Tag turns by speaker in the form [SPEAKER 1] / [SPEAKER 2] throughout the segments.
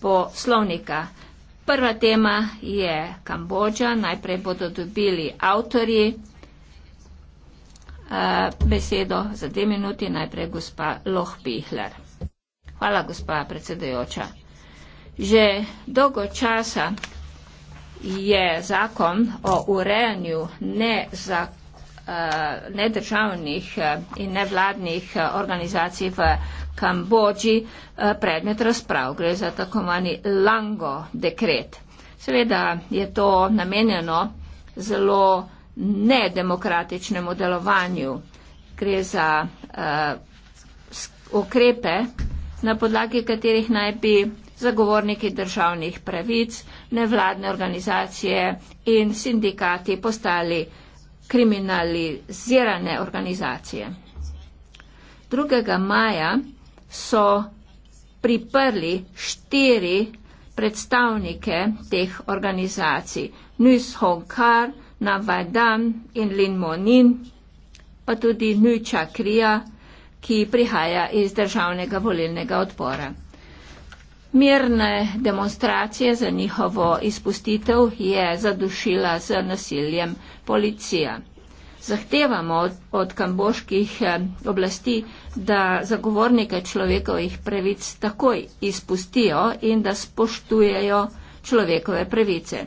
[SPEAKER 1] poslovnika. Prva tema je Kambodža, najprej bodo dobili avtori eh, besedo za dve minuti, najprej gospa Loh Pihler. Hvala, gospa predsedujoča. Že dolgo časa je zakon o urejanju nezakonitosti Eh, nedržavnih eh, in nevladnih eh, organizacij v Kambodži predmet razprav. Gre za tako manj lango dekret. Seveda je to namenjeno zelo nedemokratičnemu delovanju. Gre za uh, okrepe, na podlagi katerih naj bi zagovorniki državnih pravic, nevladne organizacije in sindikati postali kriminalizirane organizacije. 2. maja so priprli štiri predstavnike teh organizacij, Nus Honkar, Navajdan in Lin Monin, pa tudi Nuča Krija, ki prihaja iz državnega volilnega odbora. Mirne demonstracije za njihovo izpustitev je zadušila z nasiljem policija. Zahtevamo od, od kamboških eh, oblasti, da zagovornike človekovih pravic takoj izpustijo in da spoštujejo človekove pravice.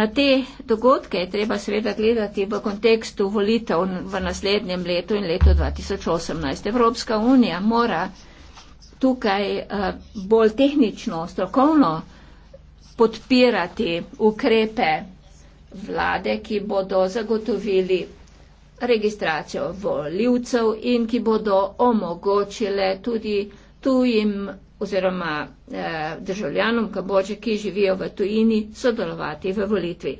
[SPEAKER 1] Na te dogodke je treba seveda gledati v kontekstu volitev v naslednjem letu in letu 2018. Evropska unija mora tukaj eh, bolj tehnično, strokovno podpirati ukrepe vlade, ki bodo zagotovili registracijo voljivcev in ki bodo omogočile tudi tujim oziroma eh, državljanom Kamboče, ki živijo v tujini, sodelovati v volitvi.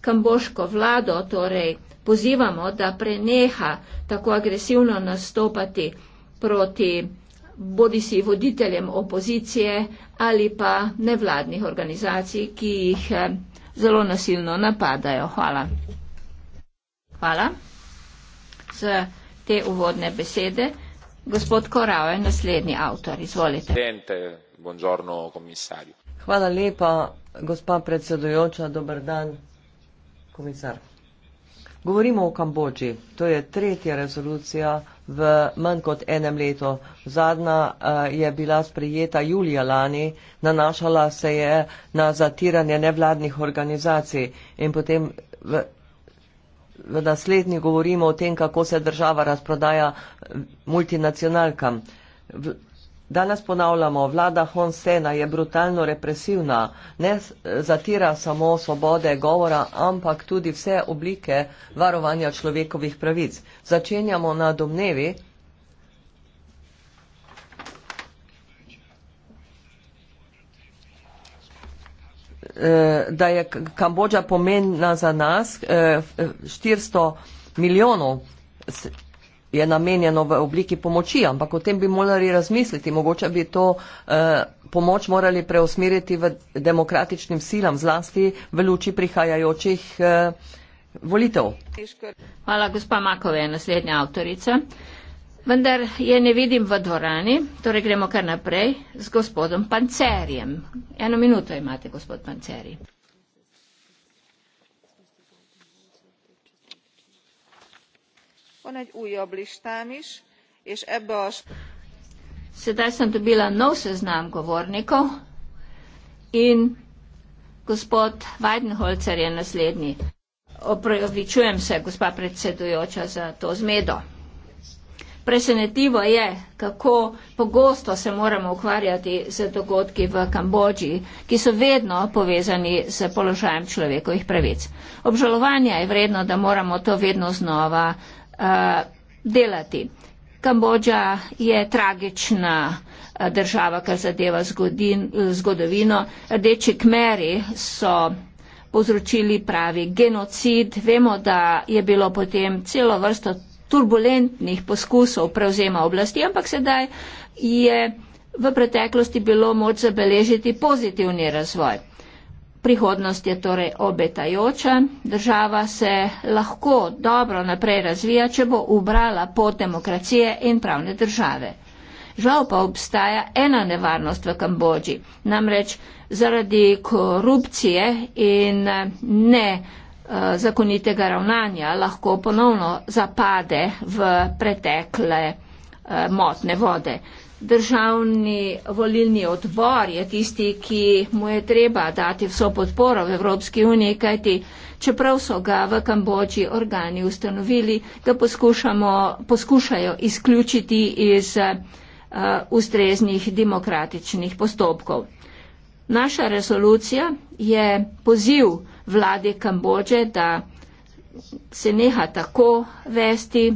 [SPEAKER 1] Kamboško vlado torej pozivamo, da preneha tako agresivno nastopati proti bodi si voditeljem opozicije ali pa nevladnih organizacij, ki jih eh, zelo nasilno napadajo. Hvala. Hvala za te uvodne besede. Gospod Korao je naslednji avtor. Izvolite.
[SPEAKER 2] Hvala lepa, gospa predsedujoča. Dobar dan, komisar. Govorimo o Kambodži. To je tretja rezolucija v manj kot enem letu. Zadnja uh, je bila sprejeta julija lani, nanašala se je na zatiranje nevladnih organizacij in potem v, v naslednji govorimo o tem, kako se država razprodaja multinacionalkam. V, Danes ponavljamo, vlada Hon Sena je brutalno represivna, ne zatira samo svobode govora, ampak tudi vse oblike varovanja človekovih pravic. Začenjamo na domnevi. Eh, da je Kambodža pomenna za nas 400 eh, eh, milijonov je namenjeno v obliki pomoči, ampak o tem bi morali razmisliti. Mogoče bi to eh, pomoč morali preusmeriti v demokratičnim silam, zlasti v luči prihajajočih eh, volitev. Hvala, gospa Makove, naslednja avtorica.
[SPEAKER 1] Vendar je ne vidim v dvorani, torej gremo kar naprej z gospodom Pancerjem. Eno minuto imate, gospod Pancerji.
[SPEAKER 2] van egy újabb listám is, és ebbe a...
[SPEAKER 1] Sedaj sem dobila nov seznam govornikov in gospod Weidenholzer je naslednji. Opravičujem se, gospa predsedujoča, za to zmedo. Presenetivo je, kako pogosto se moramo ukvarjati z dogodki v Kambodži, ki so vedno povezani s položajem človekovih pravic. Obžalovanja je vredno, da moramo to vedno znova Eh, delati. Kambodža je tragična eh, država, kar zadeva zgodin, zgodovino. Rdeči kmeri so povzročili pravi genocid. Vemo, da je bilo potem celo vrsto turbulentnih poskusov prevzema oblasti, ampak sedaj je v preteklosti bilo moč zabeležiti pozitivni razvoj. Prihodnost je torej obetajoča, država se lahko dobro naprej razvija, če bo ubrala pot demokracije in pravne države. Žal pa obstaja ena nevarnost v Kambodži, namreč zaradi korupcije in eh, ne eh, zakonitega ravnanja lahko ponovno zapade v pretekle eh, motne vode državni volilni odbor je tisti, ki mu je treba dati vso podporo v Evropski uniji, kajti čeprav so ga v Kambodži organi ustanovili, ga poskušajo izključiti iz uh, ustreznih demokratičnih postopkov. Naša resolucija je poziv vlade Kambodže, da se neha tako vesti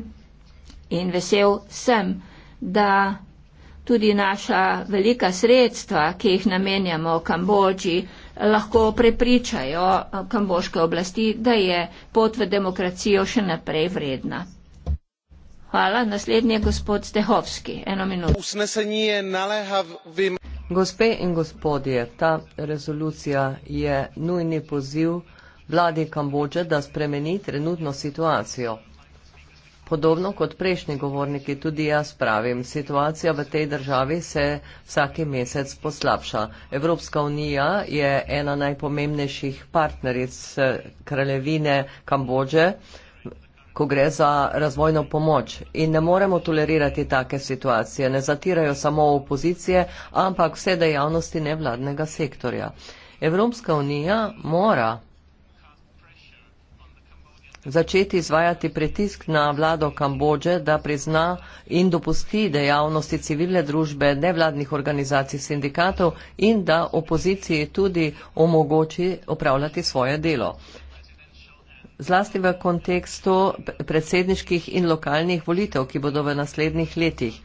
[SPEAKER 1] in vesel sem, da tudi naša velika sredstva, ki jih namenjamo Kambodži, lahko prepričajo eh, kambožke oblasti, da je pot v demokracijo še naprej vredna. Hvala. Naslednji je gospod
[SPEAKER 2] Stehovski. Eno minuto. Usnesenje je nalehavim. Gospe in gospodje, ta rezolucija je nujni poziv vladi Kambodže, da spremeni trenutno situacijo. Podobno kot prejšnji govorniki, tudi jaz pravim, situacija v tej državi se vsaki mesec poslabša. Evropska unija je ena najpomembnejših partneric eh, kraljevine Kambođe, ko gre za razvojno pomoč. In ne moremo tolerirati take situacije. Ne zatirajo samo opozicije, ampak vse dejavnosti nevladnega sektorja. Evropska unija mora začeti izvajati pritisk na vlado Kambođe, da prizna in dopusti dejavnosti civilne družbe, nevladnih organizacij, sindikatov in da opoziciji tudi omogoči opravljati svoje delo. Zlasti v kontekstu predsedniških in lokalnih volitev, ki bodo v naslednjih letih.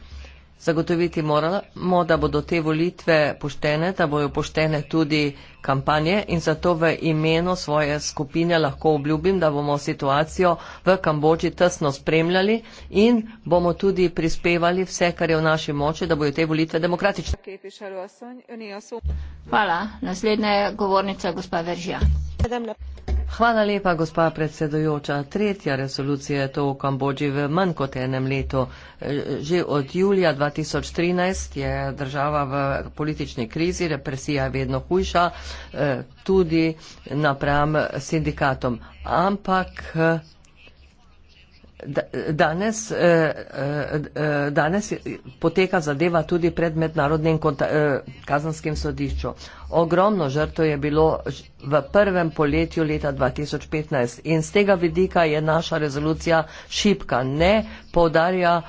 [SPEAKER 2] Zagotoviti moramo, da bodo te volitve poštene, da bojo poštene tudi kampanje in zato v imenu svoje skupine lahko obljubim, da bomo situacijo v Kambodži tesno spremljali in bomo tudi prispevali vse, kar je v naši moči, da bojo te volitve demokratične. Hvala. Naslednja je govornica gospa Veržija. Hvala lepa, gospa predsedujoča. Tretja resolucija je to v Kambodži v manj kot enem letu. Že od julija 2013 je država v politični krizi, represija je vedno hujša, eh, tudi napram sindikatom. Ampak eh, Danes, eh, eh, eh, danes poteka zadeva tudi pred mednarodnim kazanskim sodiščem. Ogromno žrtev je bilo v prvem poletju leta 2015 in z tega vidika je naša rezolucija šipka. Ne povdarja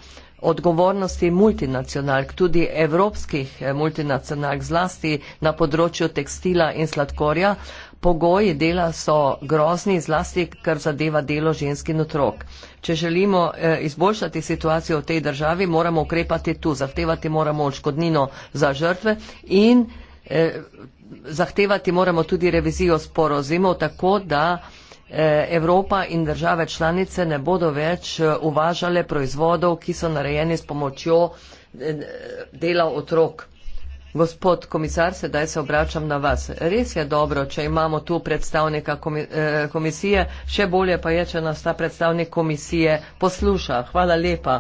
[SPEAKER 2] odgovornosti multinacionalk, tudi evropskih multinacionalk, zlasti na področju tekstila in sladkorja, pogoji dela so grozni, zlasti kar zadeva delo žensk in otrok. Če želimo eh, izboljšati situacijo v tej državi, moramo ukrepati tu, zahtevati moramo očkodnino za žrtve in eh, zahtevati moramo tudi revizijo sporozimov, tako da eh, Evropa in države članice ne bodo več eh, uvažale proizvodov, ki so narejeni s pomočjo eh, dela otrok. Gospod komisar, sedaj se obračam na vas. Res je dobro, če imamo tu predstavnika eh, komisije, še bolje pa je, če nas ta predstavnik komisije posluša. Hvala lepa.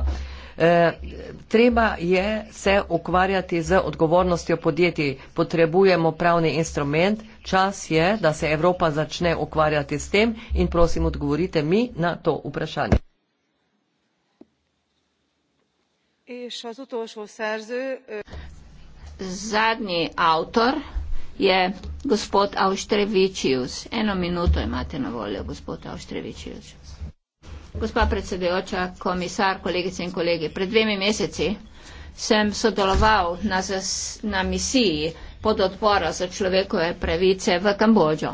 [SPEAKER 2] Eh, treba je se ukvarjati z odgovornostjo podjetij. Potrebujemo pravni instrument. Čas je, da se Evropa začne ukvarjati s tem in prosim, odgovorite mi na to vprašanje. In še zato šel v srce zadnji avtor
[SPEAKER 1] je gospod Avštrevičius. Eno minuto imate na voljo, gospod Avštrevičius. Gospa predsedujoča, komisar, kolegice in kolegi, pred dvemi meseci sem sodeloval na, zas, na misiji pod odpora za človekove pravice v Kambodžo.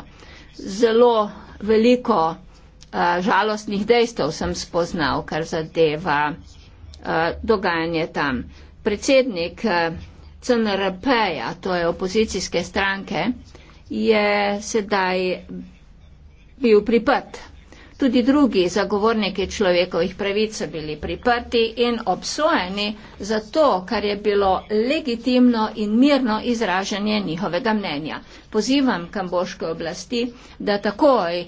[SPEAKER 1] Zelo veliko a, žalostnih dejstev sem spoznal, kar zadeva a, dogajanje tam. Predsednik a, CNRP-ja, to je opozicijske stranke, je sedaj bil priprt. Tudi drugi zagovorniki človekovih pravic so bili priprti in obsojeni za to, kar je bilo legitimno in mirno izražanje njihovega mnenja. Pozivam kamboške oblasti, da takoj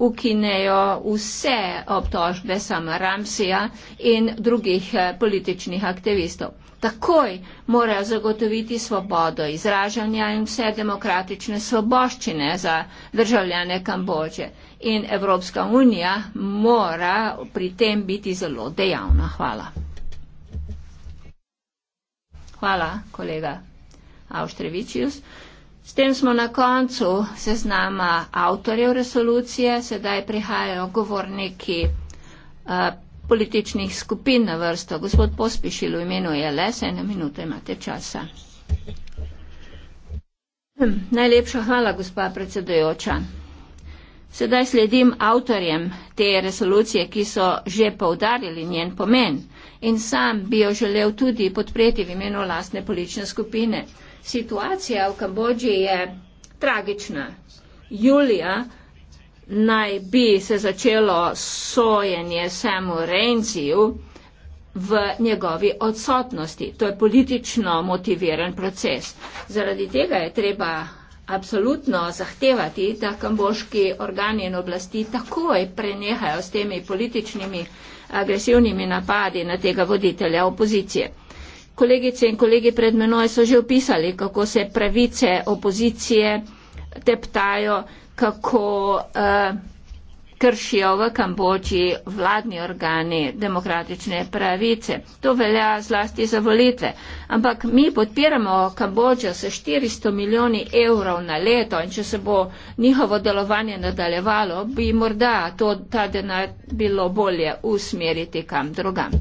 [SPEAKER 1] ukinejo vse obtožbe sama Ramsija in drugih eh, političnih aktivistov. Takoj morajo zagotoviti svobodo izražanja in vse demokratične svoboščine za državljane Kambođe. In Evropska unija mora pri tem biti zelo dejavna. Hvala. Hvala, kolega Avštrevičius. S tem smo na koncu seznama avtorjev resolucije, sedaj prihajajo govorniki uh, političnih skupin na vrsto. Gospod Pospišil, v imenu je le, se ena minuta imate časa. Hm, najlepša hvala, gospa predsedujoča. Sedaj sledim avtorjem te resolucije, ki so že povdarjali njen pomen in sam bi jo želel tudi podpreti v imenu lastne politične skupine. Situacija v Kambodži je tragična. Julija naj bi se začelo sojenje Samu Renciju v njegovi odsotnosti. To je politično motiviran proces. Zaradi tega je treba absolutno zahtevati, da kamboški organi in oblasti takoj prenehajo s temi političnimi agresivnimi napadi na tega voditelja opozicije kolegice in kolegi pred menoj so že opisali, kako se pravice opozicije teptajo, kako eh, kršijo v Kambodži vladni organi demokratične pravice. To velja zlasti za volitve. Ampak mi podpiramo Kambodžo s 400 milijoni evrov na leto in če se bo njihovo delovanje nadaljevalo, bi morda to, ta denar bilo bolje usmeriti kam drugam.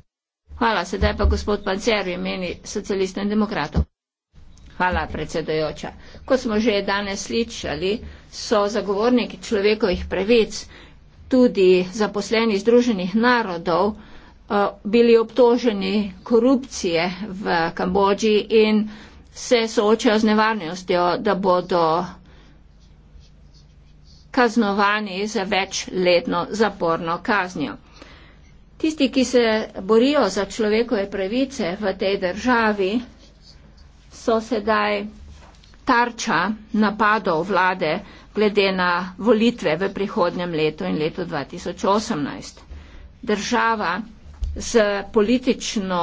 [SPEAKER 1] Hvala, sedaj pa gospod Pancer v imeni socialistov in demokratov. Hvala, predsedojoča. Kot smo že danes slišali, so zagovorniki človekovih pravic, tudi zaposleni Združenih narodov, eh, bili obtoženi korupcije v Kambodži in se soočajo z nevarnostjo, da bodo kaznovani za večletno zaporno kaznjo. Tisti, ki se borijo za človekove pravice v tej državi, so sedaj tarča napadov vlade glede na volitve v prihodnem letu in letu 2018. Država z politično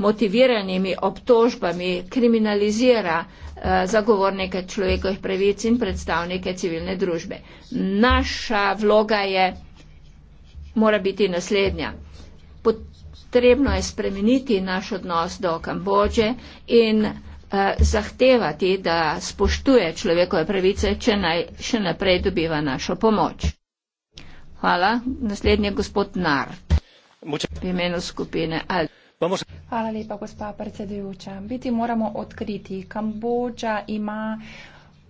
[SPEAKER 1] motiviranimi obtožbami kriminalizira eh, zagovornike človekovih pravic in predstavnike civilne družbe. Naša vloga je mora biti naslednja. Potrebno je spremeniti naš odnos do Kambodže in eh, zahtevati, da spoštuje človekove pravice, če naj še naprej dobiva našo pomoč. Hvala. Naslednji je gospod Nart. V imenu skupine. Al
[SPEAKER 3] Hvala lepa, gospa predsedujoča. Biti moramo odkriti. Kambodža ima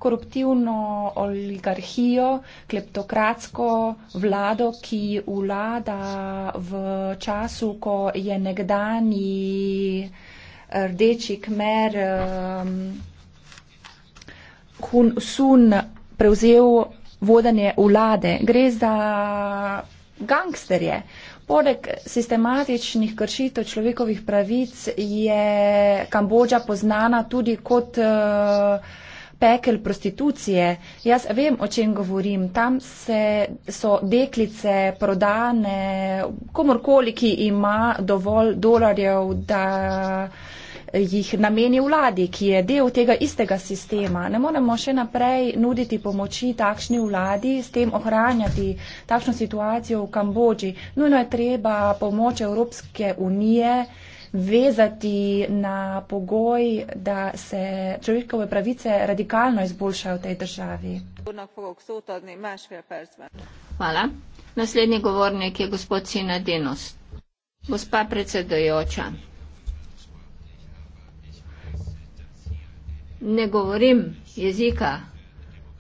[SPEAKER 3] koruptivno oligarhijo, kleptokratsko vlado, ki vlada v času, ko je nekdani rdeči kmer um, Hun Sun prevzel vodanje vlade. Gre za gangsterje. Poleg sistematičnih kršitev človekovih pravic je Kambodža poznana tudi kot uh, pekel prostitucije. Jaz vem, o čem govorim. Tam se, so deklice prodane komorkoli, ki ima dovolj dolarjev, da jih nameni vladi, ki je del tega istega sistema. Ne moremo še naprej nuditi pomoči takšni vladi, s tem ohranjati takšno situacijo v Kambodži. Nujno je treba pomoč Evropske unije vezati na pogoj, da se človekove pravice radikalno izboljšajo v tej državi. Hvala.
[SPEAKER 1] Naslednji govornik je gospod Sina Denos. Gospa predsedojoča. Ne govorim jezika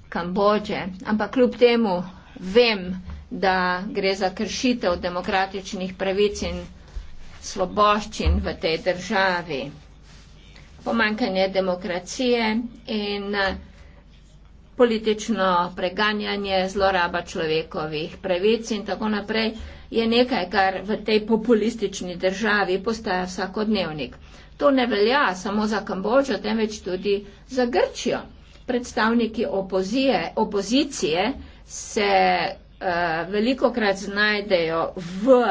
[SPEAKER 1] Kambodže, ampak kljub temu vem, da gre za kršitev demokratičnih pravic in sloboščin v tej državi. Pomankanje demokracije in eh, politično preganjanje, zloraba človekovih pravic in tako naprej je nekaj, kar v tej populistični državi postaja vsakodnevnik. To ne velja samo za Kambodžo, temveč tudi za Grčijo. Predstavniki opozije, opozicije se uh, eh, veliko krat znajdejo v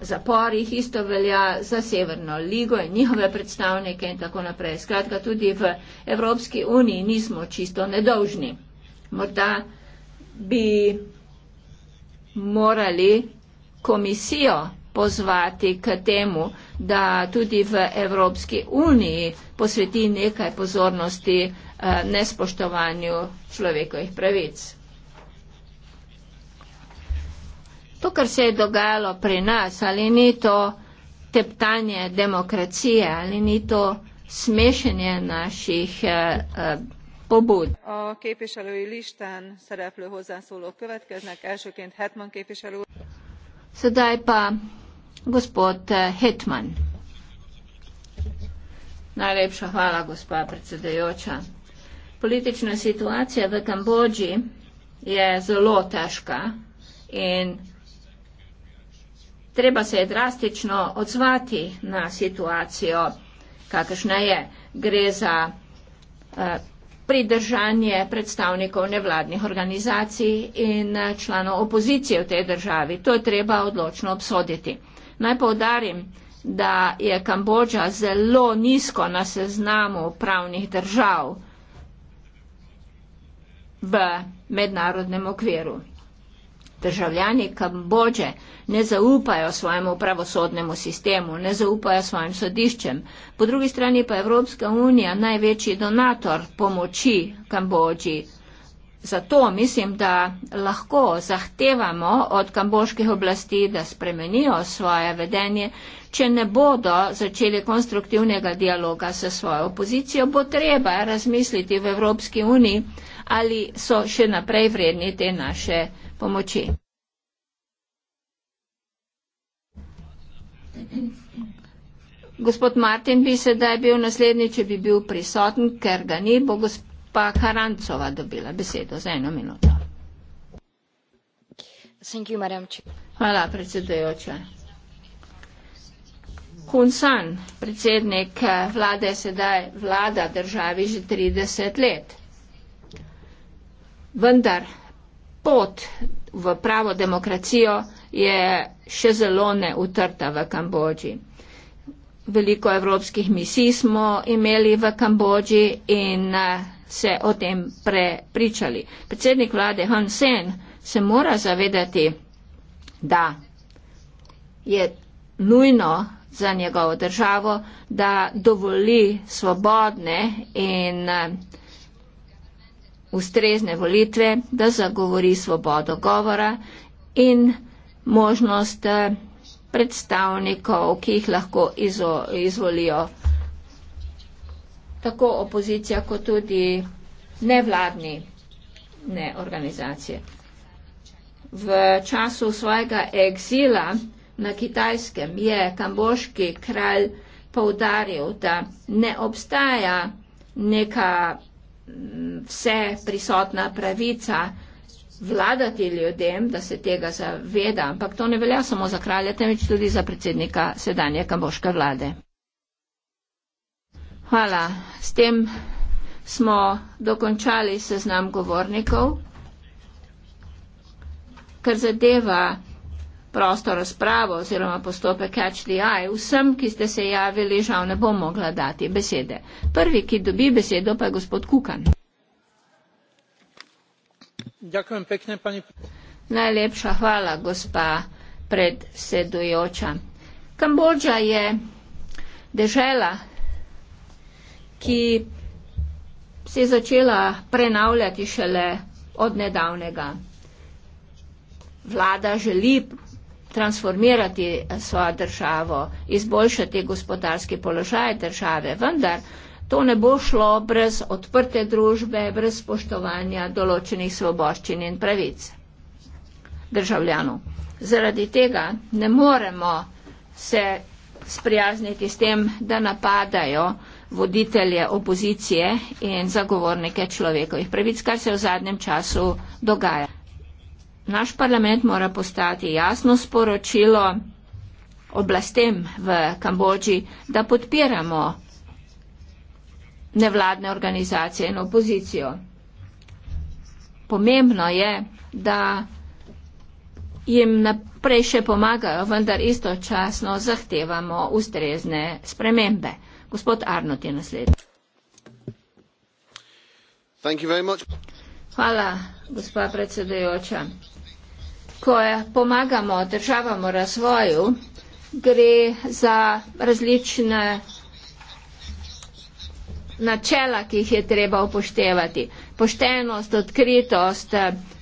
[SPEAKER 1] zaporih, isto velja za Severno ligo in njihove predstavnike in tako naprej. Skratka, tudi v Evropski uniji nismo čisto nedolžni. Morda bi morali komisijo pozvati k temu, da tudi v Evropski uniji posveti nekaj pozornosti eh, nespoštovanju človekovih pravic. to, kar se je dogajalo pri nas, ali ni to teptanje demokracije, ali ni to smešenje naših eh, eh, pobud. Sedaj pa gospod eh, Hetman. Najlepša hvala, gospa predsedajoča. Politična situacija v Kambodži je zelo težka in treba se je drastično odzvati na situacijo, kakršna je. Gre za eh, pridržanje predstavnikov nevladnih organizacij in eh, članov opozicije v tej državi. To je treba odločno obsoditi. Naj povdarim, da je Kambodža zelo nizko na seznamu pravnih držav v mednarodnem okviru državljani Kambodže ne zaupajo svojemu pravosodnemu sistemu, ne zaupajo svojim sodiščem. Po drugi strani pa Evropska unija največji donator pomoči Kambodži. Zato mislim, da lahko zahtevamo od kambožkih oblasti, da spremenijo svoje vedenje, če ne bodo začeli konstruktivnega dialoga s svojo opozicijo, bo treba razmisliti v Evropski uniji, ali so še naprej vredni te naše pomoči. Gospod Martin bi se da je bil naslednji, če bi bil prisoten, ker ga ni, bo gospa Karancova dobila besedo za eno minuto. You, Hvala, predsedujoča. Hun San, predsednik eh, vlade, sedaj vlada državi že 30 let. Vendar pot v pravo demokracijo je še zelo neutrta v Kambodži. Veliko evropskih misij smo imeli v Kambodži in eh, se o tem prepričali. Predsednik vlade Han Sen se mora zavedati, da je nujno za njegovo državo, da dovoli svobodne in uh, ustrezne volitve, da zagovori svobodo govora in možnost eh, predstavnikov, ki jih lahko izo, izvolijo tako opozicija, kot tudi nevladni ne organizacije. V času svojega eksila na kitajskem je kambožki kralj poudaril, da ne obstaja neka vse prisotna pravica vladati ljudem, da se tega zaveda, ampak to ne velja samo za kralja, temveč tudi za predsednika sedanje kamboške vlade. Hvala. S tem smo dokončali seznam govornikov. Kar zadeva prosto razpravo oziroma postopek catch the eye, vsem, ki ste se javili, žal ne bom mogla dati besede. Prvi, ki dobi besedo, pa je gospod Kukan. Ďakujem pekne, pani. Najlepša hvala, gospa predsedujoča. Kambodža je dežela, ki se je začela prenavljati šele od nedavnega. Vlada želi transformirati eh, svojo državo, izboljšati gospodarski položaj države, vendar to ne bo šlo brez odprte družbe, brez spoštovanja določenih svoboščin in pravic državljanov. Zaradi tega ne moremo se sprijazniti s tem, da napadajo voditelje opozicije in zagovornike človekovih pravic, kar se v zadnjem času dogaja naš parlament mora postati jasno sporočilo oblastem v Kambodži, da podpiramo nevladne organizacije in opozicijo. Pomembno je, da jim naprej še pomagajo, vendar istočasno zahtevamo ustrezne spremembe. Gospod Arnot je naslednji. Hvala, gospa predsedujoča ko pomagamo državam v razvoju, gre za različne načela, ki jih je treba upoštevati. Poštenost, odkritost,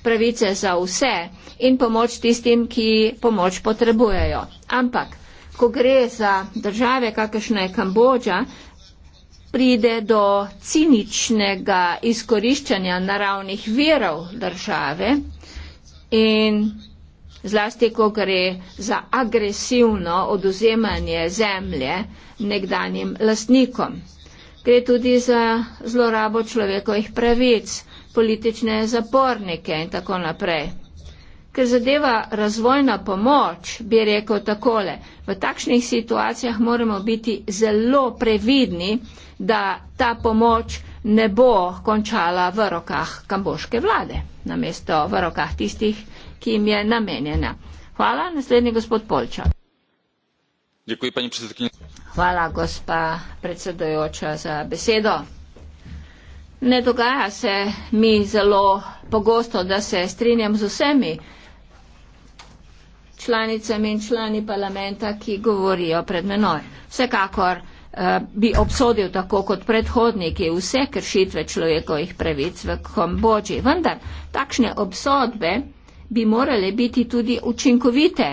[SPEAKER 1] pravice za vse in pomoč tistim, ki pomoč potrebujejo. Ampak, ko gre za države, kakršna je Kambodža, pride do ciničnega izkoriščanja naravnih virov države, in zlasti, ko gre za agresivno oduzemanje zemlje nekdanjim lastnikom. Gre tudi za zlorabo človekovih pravic, politične zapornike in tako naprej. Ker zadeva razvojna pomoč, bi rekel takole, v takšnih situacijah moramo biti zelo previdni, da ta pomoč ne bo končala v rokah kamboške vlade, namesto v rokah tistih, ki jim je namenjena. Hvala, naslednji gospod Polča.
[SPEAKER 2] Děkuji, paní předsedkyně.
[SPEAKER 1] Hvala, gospa predsedujoča, za besedo. Ne dogaja se mi zelo pogosto, da se strinjam z vsemi članicami in člani parlamenta, ki govorijo pred menoj. Vsekakor Eh, bi obsodil tako kot predhodniki vse kršitve človekovih pravic v Kambodži. Vendar takšne obsodbe bi morale biti tudi učinkovite,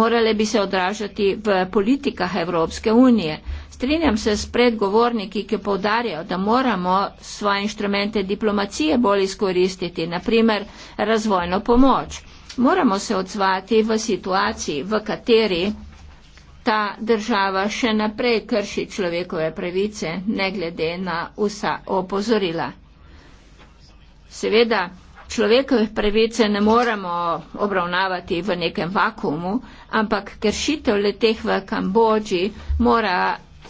[SPEAKER 1] morale bi se odražati v politikah Evropske unije. Strinjam se s predgovorniki, ki povdarjajo, da moramo svoje inštrumente diplomacije bolj izkoristiti, naprimer razvojno pomoč. Moramo se odzvati v situaciji, v kateri ta država še naprej krši človekove pravice, ne glede na vsa opozorila. Seveda, človekove pravice ne moremo obravnavati v nekem vakumu, ampak kršitev leteh v Kambodži mora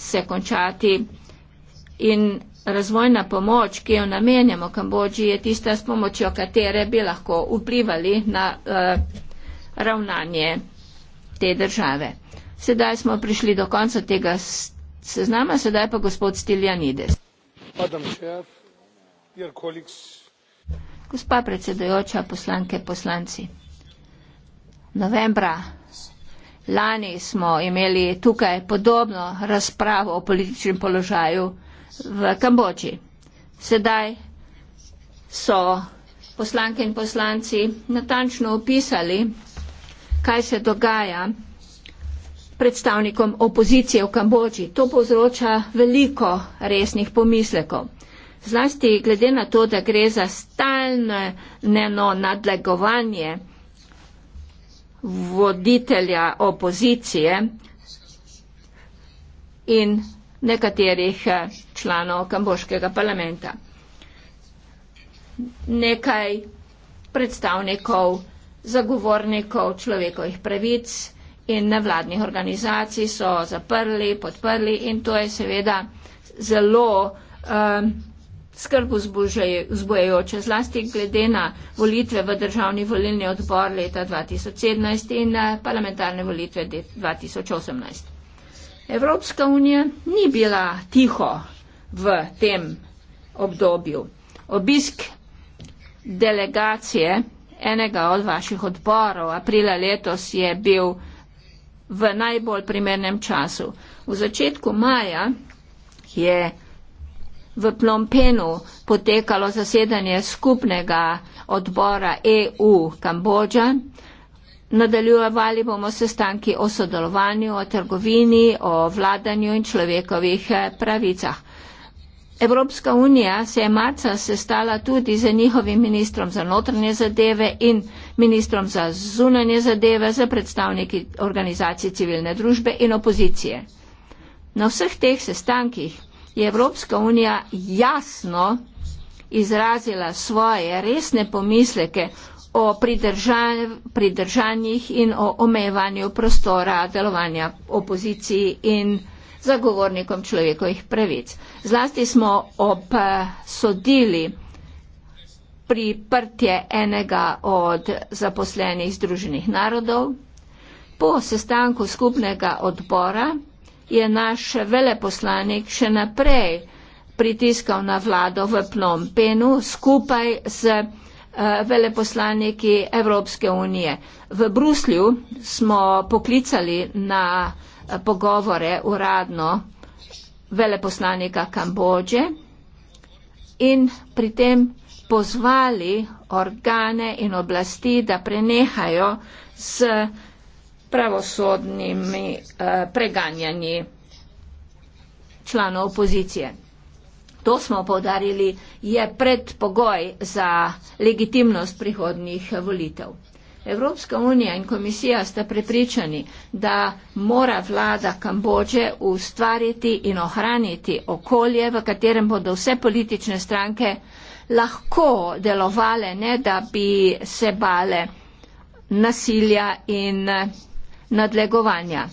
[SPEAKER 1] se končati in razvojna pomoč, ki jo namenjamo Kambodži, je tista, s pomočjo katere bi lahko vplivali na uh, ravnanje te države. Sedaj smo prišli do konca tega seznama, sedaj pa gospod Stiljanides. Gospa predsedojoča, poslanke, poslanci. Novembra lani smo imeli tukaj podobno razpravo o političnem položaju v Kambodži. Sedaj so poslanke in poslanci natančno opisali, kaj se dogaja predstavnikom opozicije v Kambodži. To povzroča veliko resnih pomislekov. Zlasti glede na to, da gre za stalno neno nadlegovanje voditelja opozicije in nekaterih eh, članov kambožskega parlamenta. Nekaj predstavnikov, zagovornikov človekovih pravic, in nevladnih organizacij so zaprli, podprli in to je seveda zelo um, skrb vzbujajoče zlasti glede na volitve v državni volilni odbor leta 2017 in eh, parlamentarne volitve 2018. Evropska unija ni bila tiho v tem obdobju. Obisk delegacije enega od vaših odborov aprila letos je bil v najbolj primernem času. V začetku maja je v Plompenu potekalo zasedanje skupnega odbora EU Kambodža. Nadaljujevali bomo sestanki o sodelovanju, o trgovini, o vladanju in človekovih pravicah. Evropska unija se je marca sestala tudi z njihovim ministrom za notranje zadeve in ministrom za zunanje zadeve z predstavniki organizacij civilne družbe in opozicije. Na vseh teh sestankih je Evropska unija jasno izrazila svoje resne pomisleke o pridržanjih in o omejevanju prostora delovanja opoziciji in zagovornikom človekovih pravic. Zlasti smo obsodili priprtje enega od zaposlenih Združenih narodov. Po sestanku skupnega odbora je naš veleposlanik še naprej pritiskal na vlado v Phnom Penhu skupaj z eh, veleposlaniki Evropske unije. V Bruslju smo poklicali na pogovore uradno veleposlanika Kambođe in pri tem pozvali organe in oblasti, da prenehajo s pravosodnimi eh, preganjanji članov opozicije. To smo povdarili, je predpogoj za legitimnost prihodnih volitev. Evropska unija in komisija sta prepričani, da mora vlada Kambođe ustvariti in ohraniti okolje, v katerem bodo vse politične stranke lahko delovale, ne da bi se bale nasilja in nadlegovanja.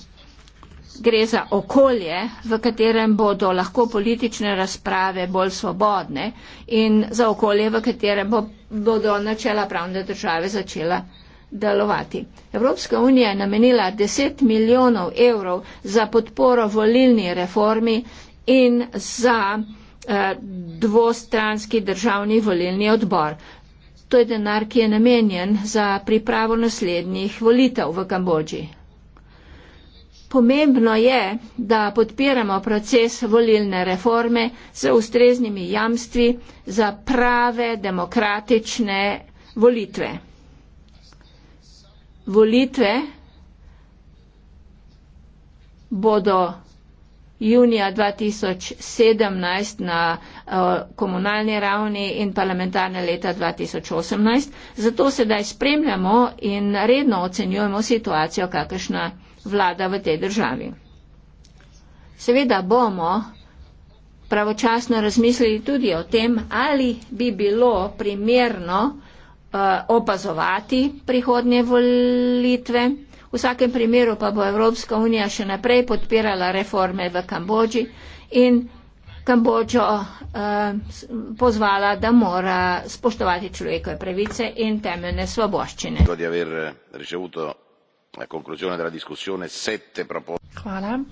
[SPEAKER 1] Gre za okolje, v katerem bodo lahko politične razprave bolj svobodne in za okolje, v katerem bodo načela pravne države začela delovati. Evropska unija je namenila 10 milijonov evrov za podporo volilni reformi in za eh, dvostranski državni volilni odbor. To je denar, ki je namenjen za pripravo naslednjih volitev v Kambodži. Pomembno je, da podpiramo proces volilne reforme z ustreznimi jamstvi za prave demokratične volitve volitve bodo junija 2017 na uh, komunalni ravni in parlamentarne leta 2018. Zato sedaj spremljamo in redno ocenjujemo situacijo, kakršna vlada v tej državi. Seveda bomo pravočasno razmislili tudi o tem, ali bi bilo primerno Eh, opazovati prihodnje volitve. V vsakem primeru pa bo Evropska unija še naprej podpirala reforme v Kambodži in Kambodžo eh, pozvala, da mora spoštovati človekove pravice in temeljne svoboščine. Hvala.